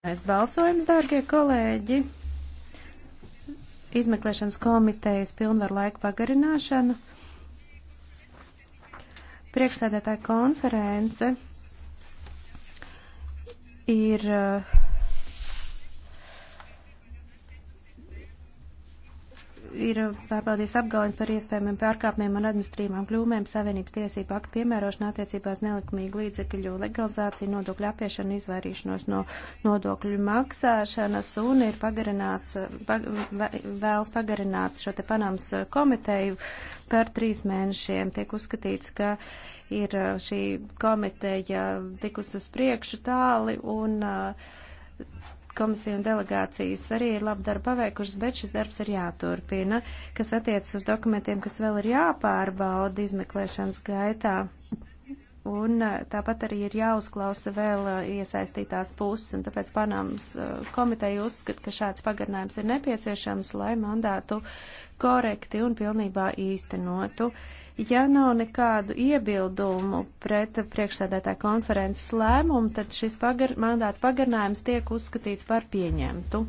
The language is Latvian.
Pirmais balsojums, dārgie kolēģi, izmeklēšanas komitejas pilnvaru laiku pagarināšana. Priekšsēdētāja konference ir uh, ir pārbaudījis apgalvojums par iespējamiem pārkāpumiem un administrīvām kļūmēm Savienības tiesību aktu piemērošana attiecībās nelikumīgu līdzekļu legalizāciju, nodokļu apiešanu, izvairīšanos no nodokļu maksāšanas un ir pagarināts, pag, vēls pagarināt šo te Panams komiteju par trīs mēnešiem. Tiek uzskatīts, ka ir uh, šī komiteja tikus uz priekšu tāli un uh, komisija un delegācijas arī ir labu darbu paveikušas, bet šis darbs ir jāturpina, kas attiecas uz dokumentiem, kas vēl ir jāpārbauda izmeklēšanas gaitā un eh, tāpat arī ir jāuzklausa vēl eh, iesaistītās puses, un tāpēc Panamas eh, komiteja uzskata, ka šāds pagarinājums ir nepieciešams, lai mandātu korekti un pilnībā īstenotu. Ja nav nekādu iebildumu pret priekšsēdētāja konferences lēmumu, tad šis pagar mandāta pagarinājums tiek uzskatīts par pieņemtu.